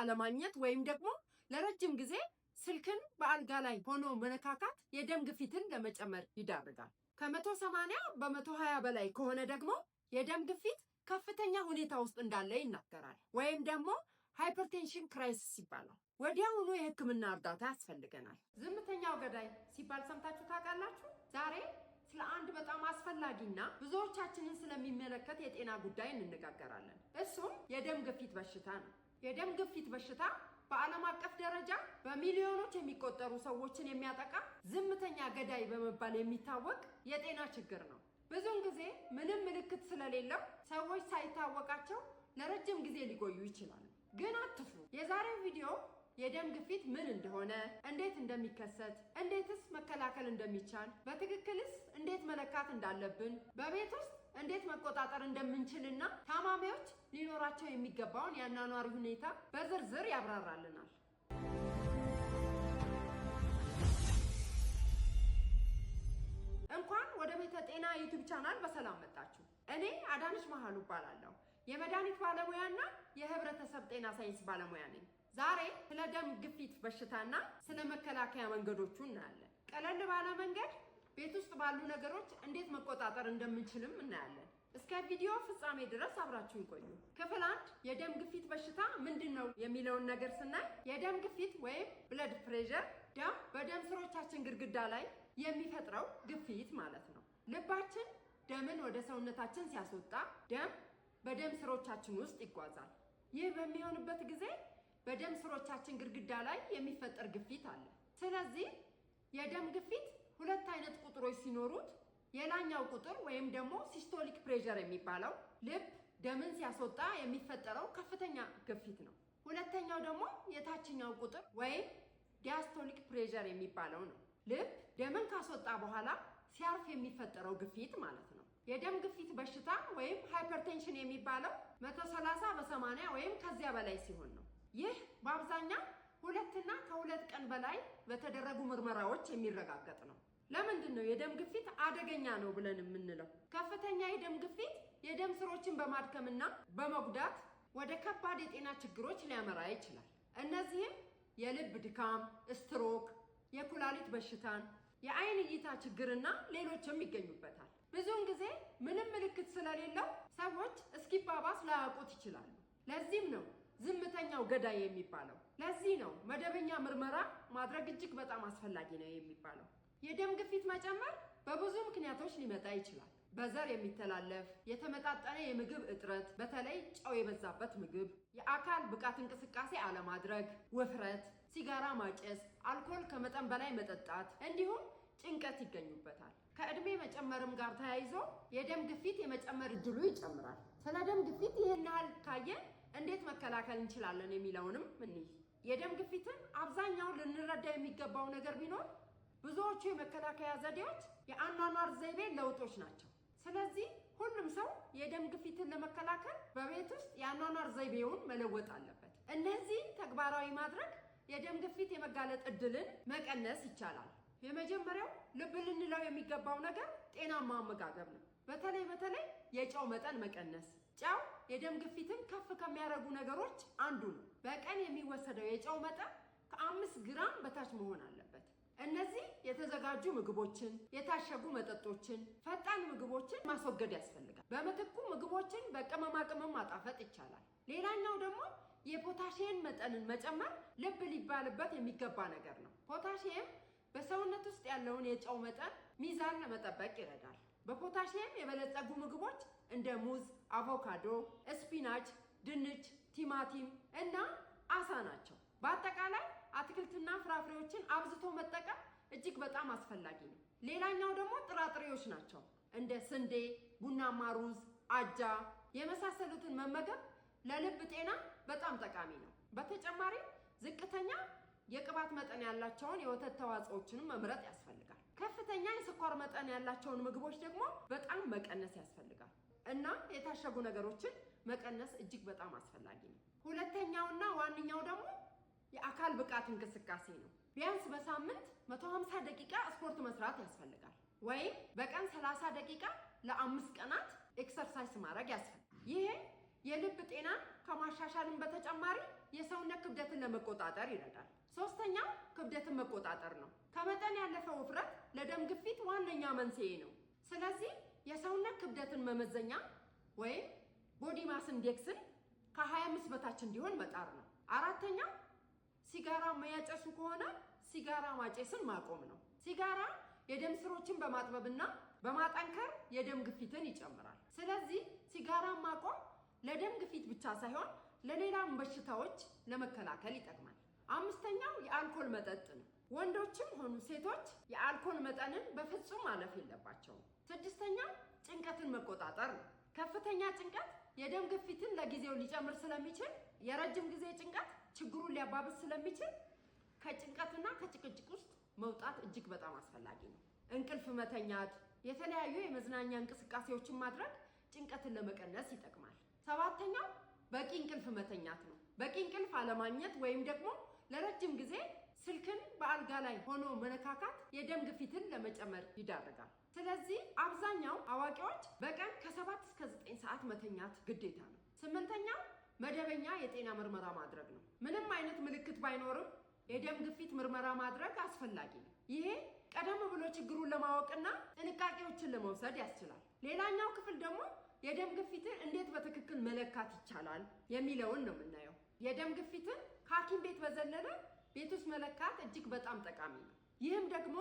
አለማግኘት ወይም ደግሞ ለረጅም ጊዜ ስልክን በአልጋ ላይ ሆኖ መነካካት የደም ግፊትን ለመጨመር ይዳርጋል። ከመቶ ሰማንያ በመቶ ሀያ በላይ ከሆነ ደግሞ የደም ግፊት ከፍተኛ ሁኔታ ውስጥ እንዳለ ይናገራል። ወይም ደግሞ ሃይፐርቴንሽን ክራይሲስ ይባላል። ወዲያውኑ የሕክምና እርዳታ ያስፈልገናል። ዝምተኛው ገዳይ ሲባል ሰምታችሁ ታውቃላችሁ? ዛሬ ስለ አንድ በጣም አስፈላጊና ብዙዎቻችንን ስለሚመለከት የጤና ጉዳይ እንነጋገራለን። እሱም የደም ግፊት በሽታ ነው። የደም ግፊት በሽታ በዓለም አቀፍ ደረጃ በሚሊዮኖች የሚቆጠሩ ሰዎችን የሚያጠቃ ዝምተኛ ገዳይ በመባል የሚታወቅ የጤና ችግር ነው። ብዙውን ጊዜ ምንም ምልክት ስለሌለው ሰዎች ሳይታወቃቸው ለረጅም ጊዜ ሊቆዩ ይችላሉ። ግን አትፍሩ። የዛሬው ቪዲዮ የደም ግፊት ምን እንደሆነ፣ እንዴት እንደሚከሰት፣ እንዴትስ መከላከል እንደሚቻል፣ በትክክልስ እንዴት መለካት እንዳለብን በቤት ውስጥ እንዴት መቆጣጠር እንደምንችልና ታማሚዎች ሊኖራቸው የሚገባውን የአኗኗሪ ሁኔታ በዝርዝር ያብራራልናል። እንኳን ወደ ቤተ ጤና ዩቱብ ቻናል በሰላም መጣችሁ። እኔ አዳነች መሀሉ እባላለሁ። የመድኃኒት ባለሙያና የህብረተሰብ ጤና ሳይንስ ባለሙያ ነኝ። ዛሬ ስለ ደም ግፊት በሽታና ስለ መከላከያ መንገዶቹ እናያለን። ቀለል ባለ መንገድ ቤት ውስጥ ባሉ ነገሮች እንዴት መቆጣጠር እንደምንችልም እናያለን። እስከ ቪዲዮ ፍጻሜ ድረስ አብራችሁ ይቆዩ። ክፍል አንድ የደም ግፊት በሽታ ምንድን ነው የሚለውን ነገር ስናይ የደም ግፊት ወይም ብለድ ፕሬሸር ደም በደም ስሮቻችን ግድግዳ ላይ የሚፈጥረው ግፊት ማለት ነው። ልባችን ደምን ወደ ሰውነታችን ሲያስወጣ ደም በደም ስሮቻችን ውስጥ ይጓዛል። ይህ በሚሆንበት ጊዜ በደም ስሮቻችን ግድግዳ ላይ የሚፈጠር ግፊት አለ። ስለዚህ የደም ግፊት ሁለት አይነት ቁጥሮች ሲኖሩት የላኛው ቁጥር ወይም ደግሞ ሲስቶሊክ ፕሬሸር የሚባለው ልብ ደምን ሲያስወጣ የሚፈጠረው ከፍተኛ ግፊት ነው። ሁለተኛው ደግሞ የታችኛው ቁጥር ወይም ዲያስቶሊክ ፕሬሸር የሚባለው ነው። ልብ ደምን ካስወጣ በኋላ ሲያርፍ የሚፈጠረው ግፊት ማለት ነው። የደም ግፊት በሽታ ወይም ሃይፐርቴንሽን የሚባለው 130 በ80 ወይም ከዚያ በላይ ሲሆን ነው። ይህ በአብዛኛው ሁለትና ከሁለት ቀን በላይ በተደረጉ ምርመራዎች የሚረጋገጥ ነው። ለምንድን ነው የደም ግፊት አደገኛ ነው ብለን የምንለው? ከፍተኛ የደም ግፊት የደም ስሮችን በማድከምና በመጉዳት ወደ ከባድ የጤና ችግሮች ሊያመራ ይችላል። እነዚህም የልብ ድካም፣ ስትሮክ፣ የኩላሊት በሽታን፣ የአይን እይታ ችግርና ሌሎችም ይገኙበታል። ብዙውን ጊዜ ምንም ምልክት ስለሌለው ሰዎች እስኪባባስ ላያውቁት ይችላሉ። ለዚህም ነው ዝምተኛው ገዳይ የሚባለው። ለዚህ ነው መደበኛ ምርመራ ማድረግ እጅግ በጣም አስፈላጊ ነው የሚባለው። የደም ግፊት መጨመር በብዙ ምክንያቶች ሊመጣ ይችላል። በዘር የሚተላለፍ የተመጣጠነ የምግብ እጥረት፣ በተለይ ጨው የበዛበት ምግብ፣ የአካል ብቃት እንቅስቃሴ አለማድረግ፣ ውፍረት፣ ሲጋራ ማጨስ፣ አልኮል ከመጠን በላይ መጠጣት እንዲሁም ጭንቀት ይገኙበታል። ከእድሜ መጨመርም ጋር ተያይዞ የደም ግፊት የመጨመር እድሉ ይጨምራል። ስለ ደም ግፊት ይህን ያህል ካየን እንዴት መከላከል እንችላለን የሚለውንም እንይ። የደም ግፊትን አብዛኛው ልንረዳ የሚገባው ነገር ቢኖር ብዙዎቹ የመከላከያ ዘዴዎች የአኗኗር ዘይቤ ለውጦች ናቸው። ስለዚህ ሁሉም ሰው የደም ግፊትን ለመከላከል በቤት ውስጥ የአኗኗር ዘይቤውን መለወጥ አለበት። እነዚህ ተግባራዊ ማድረግ የደም ግፊት የመጋለጥ እድልን መቀነስ ይቻላል። የመጀመሪያው ልብ ልንለው የሚገባው ነገር ጤናማ አመጋገብ ነው። በተለይ በተለይ የጨው መጠን መቀነስ። ጨው የደም ግፊትን ከፍ ከሚያደርጉ ነገሮች አንዱ ነው። በቀን የሚወሰደው የጨው መጠን ከአምስት ግራም በታች መሆን አለበት። እነዚህ የተዘጋጁ ምግቦችን፣ የታሸጉ መጠጦችን፣ ፈጣን ምግቦችን ማስወገድ ያስፈልጋል። በምትኩ ምግቦችን በቅመማ ቅመም ማጣፈጥ ይቻላል። ሌላኛው ደግሞ የፖታሽየም መጠንን መጨመር ልብ ሊባልበት የሚገባ ነገር ነው። ፖታሽየም በሰውነት ውስጥ ያለውን የጨው መጠን ሚዛን ለመጠበቅ ይረዳል። በፖታሽየም የበለጸጉ ምግቦች እንደ ሙዝ፣ አቮካዶ፣ ስፒናች፣ ድንች፣ ቲማቲም እና አሳ ናቸው። በአጠቃላይ አትክልትና ፍራፍሬዎችን አብዝቶ መጠቀም እጅግ በጣም አስፈላጊ ነው። ሌላኛው ደግሞ ጥራጥሬዎች ናቸው። እንደ ስንዴ፣ ቡናማ ሩዝ፣ አጃ የመሳሰሉትን መመገብ ለልብ ጤና በጣም ጠቃሚ ነው። በተጨማሪም ዝቅተኛ የቅባት መጠን ያላቸውን የወተት ተዋጽኦችንም መምረጥ ያስፈልጋል። ከፍተኛ የስኳር መጠን ያላቸውን ምግቦች ደግሞ በጣም መቀነስ ያስፈልጋል እና የታሸጉ ነገሮችን መቀነስ እጅግ በጣም አስፈላጊ ነው። ሁለተኛውና ዋነኛው ደግሞ የአካል ብቃት እንቅስቃሴ ነው። ቢያንስ በሳምንት 150 ደቂቃ ስፖርት መስራት ያስፈልጋል። ወይም በቀን 30 ደቂቃ ለአምስት ቀናት ኤክሰርሳይዝ ማድረግ ያስፈልጋል። ይሄ የልብ ጤናን ከማሻሻልን በተጨማሪ የሰውነት ክብደትን ለመቆጣጠር ይረዳል። ሶስተኛው ክብደትን መቆጣጠር ነው። ከመጠን ያለፈው ውፍረት ለደም ግፊት ዋነኛ መንስኤ ነው። ስለዚህ የሰውነት ክብደትን መመዘኛ ወይም ቦዲ ማስ ኢንዴክስን ከ25 በታች እንዲሆን መጣር ነው። አራተኛው ሲጋራ መያጨሱ ከሆነ ሲጋራ ማጨስን ማቆም ነው። ሲጋራ የደም ስሮችን በማጥበብና በማጠንከር የደም ግፊትን ይጨምራል። ስለዚህ ሲጋራ ማቆም ለደም ግፊት ብቻ ሳይሆን ለሌላም በሽታዎች ለመከላከል ይጠቅማል። አምስተኛው የአልኮል መጠጥ ነው። ወንዶችም ሆኑ ሴቶች የአልኮል መጠንን በፍጹም ማለፍ የለባቸውም። ስድስተኛው ጭንቀትን መቆጣጠር ነው። ከፍተኛ ጭንቀት የደም ግፊትን ለጊዜው ሊጨምር ስለሚችል፣ የረጅም ጊዜ ጭንቀት ችግሩን ሊያባብስ ስለሚችል ከጭንቀትና ከጭቅጭቅ ውስጥ መውጣት እጅግ በጣም አስፈላጊ ነው። እንቅልፍ መተኛት፣ የተለያዩ የመዝናኛ እንቅስቃሴዎችን ማድረግ ጭንቀትን ለመቀነስ ይጠቅማል። ሰባተኛው በቂ እንቅልፍ መተኛት ነው። በቂ እንቅልፍ አለማግኘት ወይም ደግሞ ለረጅም ጊዜ ስልክን በአልጋ ላይ ሆኖ መነካካት የደም ግፊትን ለመጨመር ይዳርጋል። ስለዚህ አብዛኛው አዋቂዎች በቀን ከሰባት እስከ ዘጠኝ ሰዓት መተኛት ግዴታ ነው። ስምንተኛ መደበኛ የጤና ምርመራ ማድረግ ነው። ምንም አይነት ምልክት ባይኖርም የደም ግፊት ምርመራ ማድረግ አስፈላጊ ነው። ይሄ ቀደም ብሎ ችግሩን ለማወቅና ጥንቃቄዎችን ለመውሰድ ያስችላል። ሌላኛው ክፍል ደግሞ የደም ግፊትን እንዴት በትክክል መለካት ይቻላል የሚለውን ነው የምናየው። የደም ግፊትን ከሐኪም ቤት በዘለለ ቤት ውስጥ መለካት እጅግ በጣም ጠቃሚ ነው። ይህም ደግሞ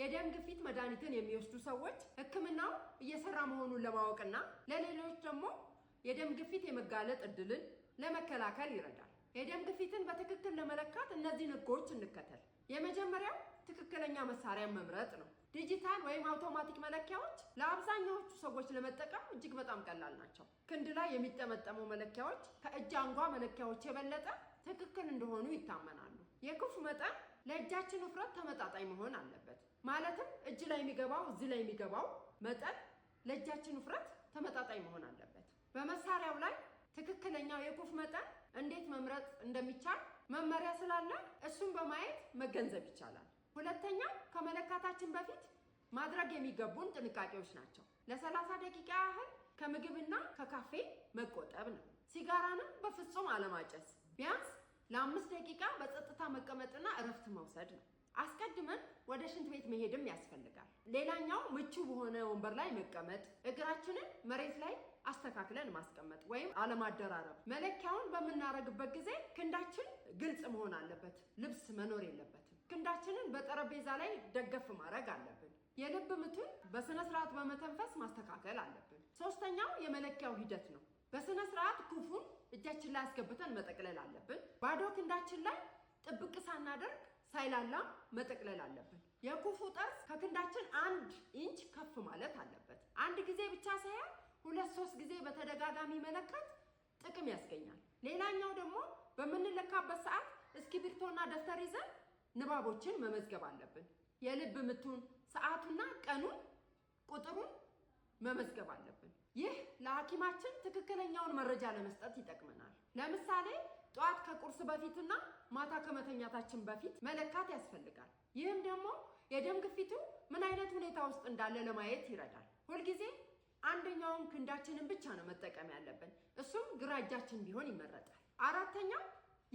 የደም ግፊት መድኃኒትን የሚወስዱ ሰዎች ሕክምናው እየሰራ መሆኑን ለማወቅና ለሌሎች ደግሞ የደም ግፊት የመጋለጥ እድልን ለመከላከል ይረዳል። የደም ግፊትን በትክክል ለመለካት እነዚህን ሕጎች እንከተል። የመጀመሪያው ትክክለኛ መሳሪያ መምረጥ ነው። ዲጂታል ወይም አውቶማቲክ መለኪያዎች ለአብዛኛዎቹ ሰዎች ለመጠቀም እጅግ በጣም ቀላል ናቸው። ክንድ ላይ የሚጠመጠሙ መለኪያዎች ከእጅ አንጓ መለኪያዎች የበለጠ ትክክል እንደሆኑ ይታመናሉ። የክፉ መጠን ለእጃችን ውፍረት ተመጣጣኝ መሆን አለበት። ማለትም እጅ ላይ የሚገባው እዚህ ላይ የሚገባው መጠን ለእጃችን ውፍረት ተመጣጣኝ መሆን አለበት። በመሳሪያው ላይ ትክክለኛው የኩፍ መጠን እንዴት መምረጥ እንደሚቻል መመሪያ ስላለ እሱን በማየት መገንዘብ ይቻላል። ሁለተኛ ከመለካታችን በፊት ማድረግ የሚገቡን ጥንቃቄዎች ናቸው። ለሰላሳ ደቂቃ ያህል ከምግብና ከካፌ መቆጠብ ነው። ሲጋራንም በፍጹም አለማጨስ፣ ቢያንስ ለአምስት ደቂቃ በጸጥታ መቀመጥና እረፍት መውሰድ ነው። አስቀድመን ወደ ሽንት ቤት መሄድም ያስፈልጋል። ሌላኛው ምቹ በሆነ ወንበር ላይ መቀመጥ፣ እግራችንን መሬት ላይ አስተካክለን ማስቀመጥ ወይም አለማደራረብ። መለኪያውን በምናደርግበት ጊዜ ክንዳችን ግልጽ መሆን አለበት፣ ልብስ መኖር የለበትም። ክንዳችንን በጠረጴዛ ላይ ደገፍ ማድረግ አለብን። የልብ ምትን በስነ ስርዓት በመተንፈስ ማስተካከል አለብን። ሶስተኛው የመለኪያው ሂደት ነው። በስነ ስርዓት ኩፉን እጃችን ላይ አስገብተን መጠቅለል አለብን። ባዶ ክንዳችን ላይ ጥብቅ ሳናደርግ ሳይላላ መጠቅለል አለብን። የኩፉ ጠርዝ ከክንዳችን አንድ ኢንች ከፍ ማለት አለበት። አንድ ጊዜ ብቻ ሳይሆን ሁለት ሶስት ጊዜ በተደጋጋሚ መለካት ጥቅም ያስገኛል። ሌላኛው ደግሞ በምንለካበት ሰዓት እስክሪብቶና ደብተር ይዘን ንባቦችን መመዝገብ አለብን። የልብ ምቱን ሰዓቱና ቀኑን ቁጥሩን መመዝገብ አለብን። ይህ ለሐኪማችን ትክክለኛውን መረጃ ለመስጠት ይጠቅመናል። ለምሳሌ ጠዋት ከቁርስ በፊትና ማታ ከመተኛታችን በፊት መለካት ያስፈልጋል። ይህም ደግሞ የደም ግፊቱ ምን አይነት ሁኔታ ውስጥ እንዳለ ለማየት ይረዳል። ሁልጊዜ አንደኛውን ክንዳችንን ብቻ ነው መጠቀም ያለብን፣ እሱም ግራ እጃችን ቢሆን ይመረጣል። አራተኛው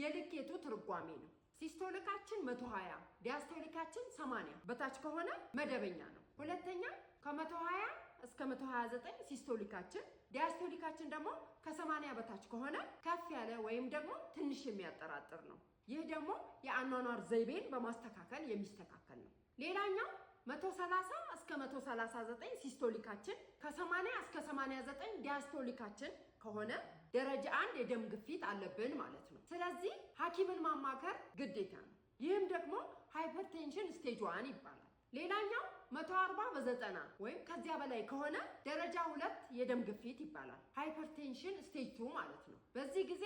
የልኬቱ ትርጓሜ ነው። ሲስቶሊካችን 120 ዲያስቶሊካችን 80 በታች ከሆነ መደበኛ ነው። ሁለተኛ ከ120 እስከ 129 ሲስቶሊካችን፣ ዲያስቶሊካችን ደግሞ ከ80 በታች ከሆነ ከፍ ያለ ወይም ደግሞ ትንሽ የሚያጠራጥር ነው። ይህ ደግሞ የአኗኗር ዘይቤን በማስተካከል የሚስተካከል ነው። ሌላኛው 130 እስከ 139 ሲስቶሊካችን፣ ከ80 እስከ 89 ዲያስቶሊካችን ከሆነ ደረጃ አንድ የደም ግፊት አለብን ማለት ነው። ስለዚህ ሐኪምን ማማከር ግዴታ ነው። ይህም ደግሞ ሃይፐርቴንሽን ስቴጅ ዋን ይባላል። ሌላኛው 140 በዘጠና ወይም ከዚያ በላይ ከሆነ ደረጃ ሁለት የደም ግፊት ይባላል። ሃይፐርቴንሽን ስቴጅ ቱ ማለት ነው። በዚህ ጊዜ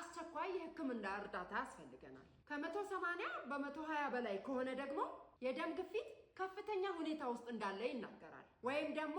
አስቸኳይ የህክምና እርዳታ ያስፈልገናል። ከ180 በ120 በላይ ከሆነ ደግሞ የደም ግፊት ከፍተኛ ሁኔታ ውስጥ እንዳለ ይናገራል። ወይም ደግሞ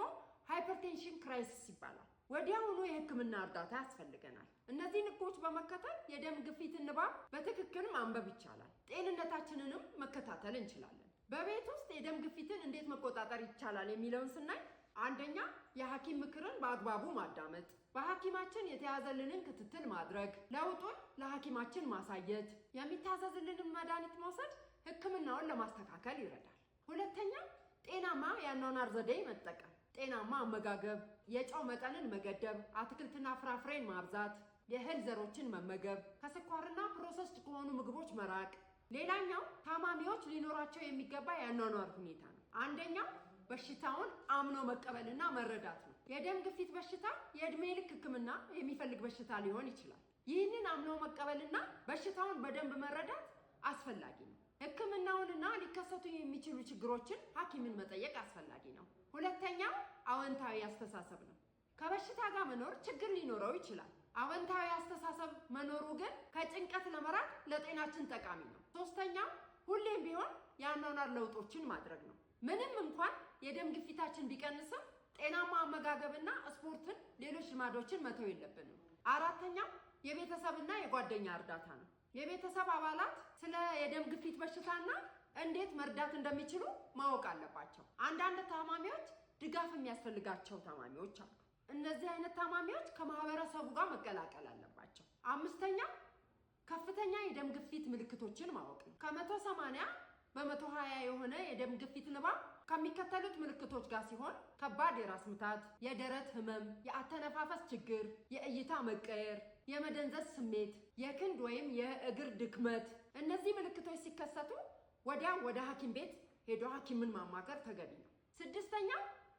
ሃይፐርቴንሽን ክራይሲስ ይባላል። ወዲያውኑ የህክምና እርዳታ ያስፈልገናል። እነዚህን ሕጎች በመከተል የደም ግፊት እንባ በትክክል ማንበብ ይቻላል። ጤንነታችንንም መከታተል እንችላለን። በቤት ውስጥ የደም ግፊትን እንዴት መቆጣጠር ይቻላል የሚለውን ስናይ አንደኛ የሐኪም ምክርን በአግባቡ ማዳመጥ፣ በሐኪማችን የተያዘልንን ክትትል ማድረግ፣ ለውጡን ለሐኪማችን ማሳየት፣ የሚታዘዝልንን መድኃኒት መውሰድ ህክምናውን ለማስተካከል ይረዳል። ሁለተኛ ጤናማ የአኗኗር ዘዴ መጠቀም ጤናማ አመጋገብ፣ የጨው መጠንን መገደብ፣ አትክልትና ፍራፍሬን ማብዛት፣ የእህል ዘሮችን መመገብ፣ ከስኳርና ፕሮሰስድ ከሆኑ ምግቦች መራቅ። ሌላኛው ታማሚዎች ሊኖራቸው የሚገባ የአኗኗር ሁኔታ ነው። አንደኛው በሽታውን አምኖ መቀበልና መረዳት ነው። የደም ግፊት በሽታ የእድሜ ልክ ሕክምና የሚፈልግ በሽታ ሊሆን ይችላል። ይህንን አምኖ መቀበልና በሽታውን በደንብ መረዳት አስፈላጊ ነው። ህክምናውንና ሊከሰቱ የሚችሉ ችግሮችን ሐኪምን መጠየቅ አስፈላጊ ነው። ሁለተኛው አወንታዊ አስተሳሰብ ነው። ከበሽታ ጋር መኖር ችግር ሊኖረው ይችላል። አወንታዊ አስተሳሰብ መኖሩ ግን ከጭንቀት ለመራቅ ለጤናችን ጠቃሚ ነው። ሶስተኛው ሁሌም ቢሆን የአኗኗር ለውጦችን ማድረግ ነው። ምንም እንኳን የደም ግፊታችን ቢቀንስም ጤናማ አመጋገብና ስፖርትን፣ ሌሎች ልማዶችን መተው የለብንም። አራተኛው የቤተሰብና የጓደኛ እርዳታ ነው። የቤተሰብ አባላት ስለ የደም ግፊት በሽታና እንዴት መርዳት እንደሚችሉ ማወቅ አለባቸው። አንዳንድ ታማሚዎች ድጋፍ የሚያስፈልጋቸው ታማሚዎች አሉ። እነዚህ አይነት ታማሚዎች ከማህበረሰቡ ጋር መቀላቀል አለባቸው። አምስተኛ ከፍተኛ የደም ግፊት ምልክቶችን ማወቅ ነው። ከመቶ ሰማንያ በመቶ ሀያ የሆነ የደም ግፊት ንባብ ከሚከተሉት ምልክቶች ጋር ሲሆን ከባድ የራስ ምታት፣ የደረት ህመም፣ የአተነፋፈስ ችግር፣ የእይታ መቀየር፣ የመደንዘዝ ስሜት፣ የክንድ ወይም የእግር ድክመት፣ እነዚህ ምልክቶች ሲከሰቱ ወዲያ ወደ ሐኪም ቤት ሄዶ ሐኪምን ማማከር ተገቢ ነው። ስድስተኛ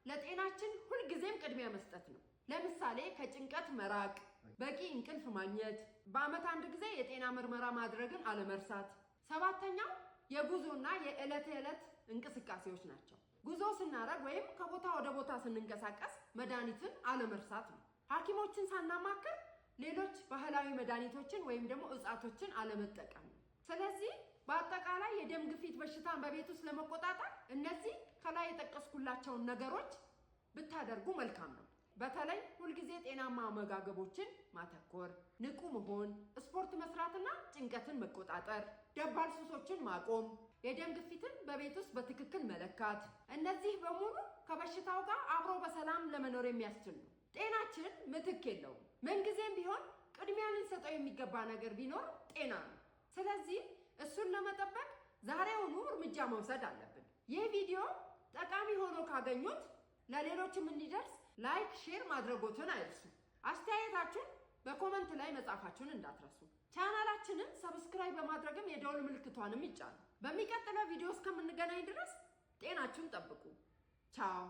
ለጤናችን ሁልጊዜም ቅድሚያ መስጠት ነው። ለምሳሌ ከጭንቀት መራቅ፣ በቂ እንቅልፍ ማግኘት፣ በዓመት አንድ ጊዜ የጤና ምርመራ ማድረግን አለመርሳት። ሰባተኛው የጉዞና የዕለት ዕለት እንቅስቃሴዎች ናቸው። ጉዞ ስናደርግ ወይም ከቦታ ወደ ቦታ ስንንቀሳቀስ መድኃኒትን አለመርሳት ነው። ሐኪሞችን ሳናማክር ሌሎች ባህላዊ መድኃኒቶችን ወይም ደግሞ እጻቶችን አለመጠቀም ነው። ስለዚህ በአጠቃላይ የደም ግፊት በሽታን በቤት ውስጥ ለመቆጣጠር እነዚህ ከላይ የጠቀስኩላቸውን ነገሮች ብታደርጉ መልካም ነው። በተለይ ሁልጊዜ ጤናማ አመጋገቦችን ማተኮር፣ ንቁ መሆን፣ ስፖርት መስራትና ጭንቀትን መቆጣጠር፣ ደባል ሱሶችን ማቆም፣ የደም ግፊትን በቤት ውስጥ በትክክል መለካት፣ እነዚህ በሙሉ ከበሽታው ጋር አብሮ በሰላም ለመኖር የሚያስችል ነው። ጤናችን ምትክ የለውም። ምንጊዜም ቢሆን ቅድሚያ ልንሰጠው የሚገባ ነገር ቢኖር ጤና ነው። ስለዚህ እሱን ለመጠበቅ ዛሬውኑ እርምጃ መውሰድ አለብን። ይህ ቪዲዮ ጠቃሚ ሆኖ ካገኙት ለሌሎችም እንዲደርስ ላይክ፣ ሼር ማድረጎትን አይርሱ። አስተያየታችሁን በኮመንት ላይ መጻፋችሁን እንዳትረሱ። ቻናላችንን ሰብስክራይብ በማድረግም የደውል ምልክቷንም ይጫኑ። በሚቀጥለው ቪዲዮ እስከምንገናኝ ድረስ ጤናችሁን ጠብቁ። ቻው